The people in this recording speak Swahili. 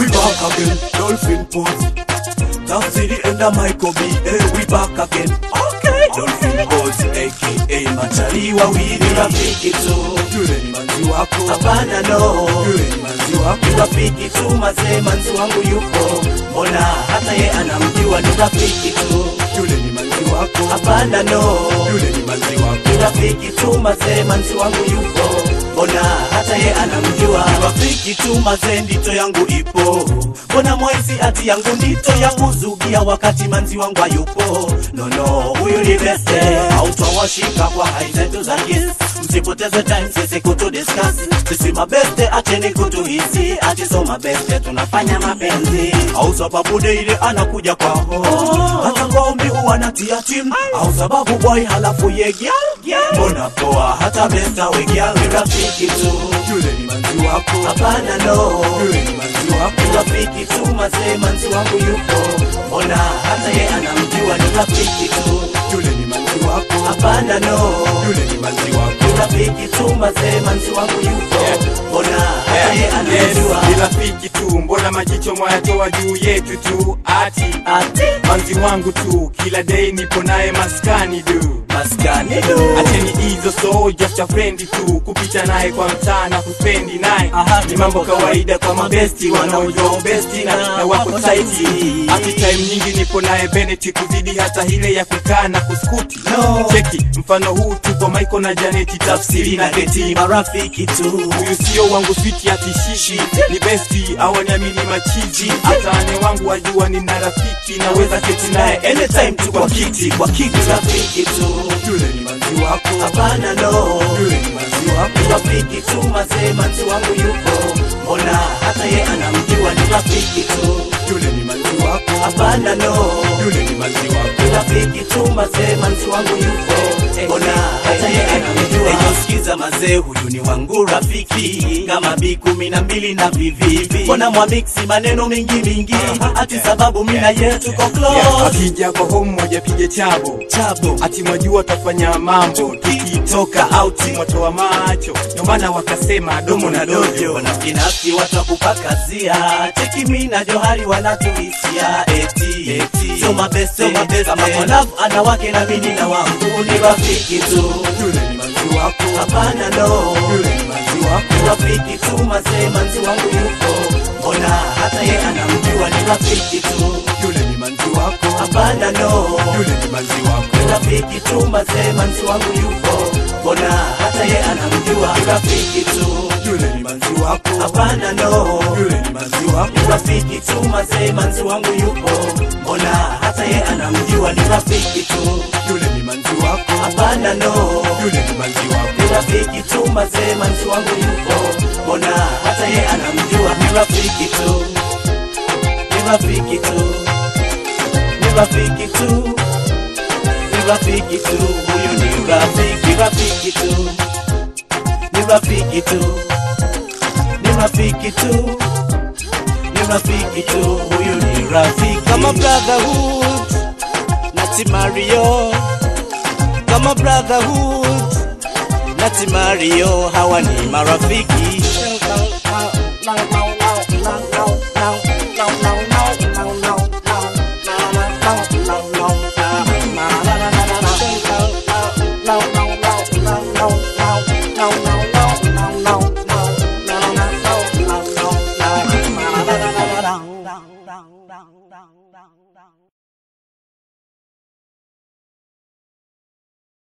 we back again, dolphin pose. see the end of my kobe, eh, hey, we back again. Okay, dolphin pose, aka machari wawili rafiki tu. Yule ni manzi hapana no. Yule ni manzi wako, rafiki tu, mazee manzi wangu yuko. Mbona hata ye anamjua ni rafiki tu. Yule ni manzi wako, hapana no. Yule ni manzi wako, rafiki tu, mazee manzi wangu yuko. Mbona hata ye anamjua wafiki tu mazee, ndito yangu ipo mbona mwezi ati yangu ndito ya kuzugia wakati manzi wangu ayupo. Nono, huyu ni beste, hautawashika kwa hai zetu za kiss. Msipoteze time sisi kutu discuss, sisi mabeste, acheni hisi ati so mabeste tunafanya mapenzi au sababu ile anakuja kwa ho hata ngombe wanatia tim au sababu boy halafu ye gyal mbona poa hata besta we gyal ni rafiki tu yule ni manzi wako hapana no yule ni manzi wako rafiki tu mazee manzi wako yuko mbona wazee manzi wangu yuko mbona hata ye anajua rafiki tu mbona majicho mwayatoa juu yetu tu ati ati manzi wangu tu kila dei nipo naye maskani du maskani du acheni hizo soja cha frendi tu kupita naye kwa mtaa na kupendi na ni mambo kawaida kwa mabesti wanaojua ubesti na, na wako taiti. Ati time nyingi nipo naye Beneti kuzidi hata ile ya kukaa na kuskuti no. Cheki mfano huu tu kwa na Janeti, tafsiri na geti marafiki tu. Huyu sio wangu switi atishishi, ni besti awaniamini machiji hata ane wangu ni na rafiki, naweza keti naye anytime tu kwa kiti kwa kiti, rafiki tu yule wako, hapana no, rafiki tu mazee, manzi wangu yuko, mbona hata ye anamjua, ni rafiki tu, yule ni manzi wako, hapana no, yule ni manzi wako, rafiki tu mazee, manzi wangu yuko mazee, huyu ni wangu rafiki, kama bi kumi na mbili na vivivi, mbona mwamiksi maneno mingi mingi, ati sababu mina na yeye tuko close. Akija kwa home moja pige chabo chabo, ati mwajua tafanya mambo, tukitoka out mwatoa macho, ndio maana wakasema domo na dojo, wanafinafsi watakupakazia, cheki mimi na Johari wanatuisia eti eti, so my best so my best, kama love ana wake na mimi na wangu ni rafiki tu wako, hapana lo, yule manzi wako, rafiki tu mazee, manzi wangu yuko, mbona hata ye anamjua ni rafiki tu, yule ni manzi wako, hapana lo, yule ni manzi wako, rafiki tu mazee, manzi wangu yuko, mbona hata ye anamjua rafiki tu yule ni manzi wako, hapana lo yule ni manzi wako, rafiki tu mazee, manzi wangu yuko mbona hata ye anamjua ni rafiki tu, yule ni manzi wako hapana no, yule ni mangiwa ni rafiki tu mazee, manzi wangu yuko mbona, hata ye anamjua, ni rafiki tu, ni rafiki tu, ni rafiki tu, ni rafiki tu, huyu ni rafiki, rafiki tu, ni rafiki tu, ni rafiki tu, ni rafiki tu, huyu ni rafiki kama brotherhood, nati Mario kama Brotherhood na Timario, hawa ni marafiki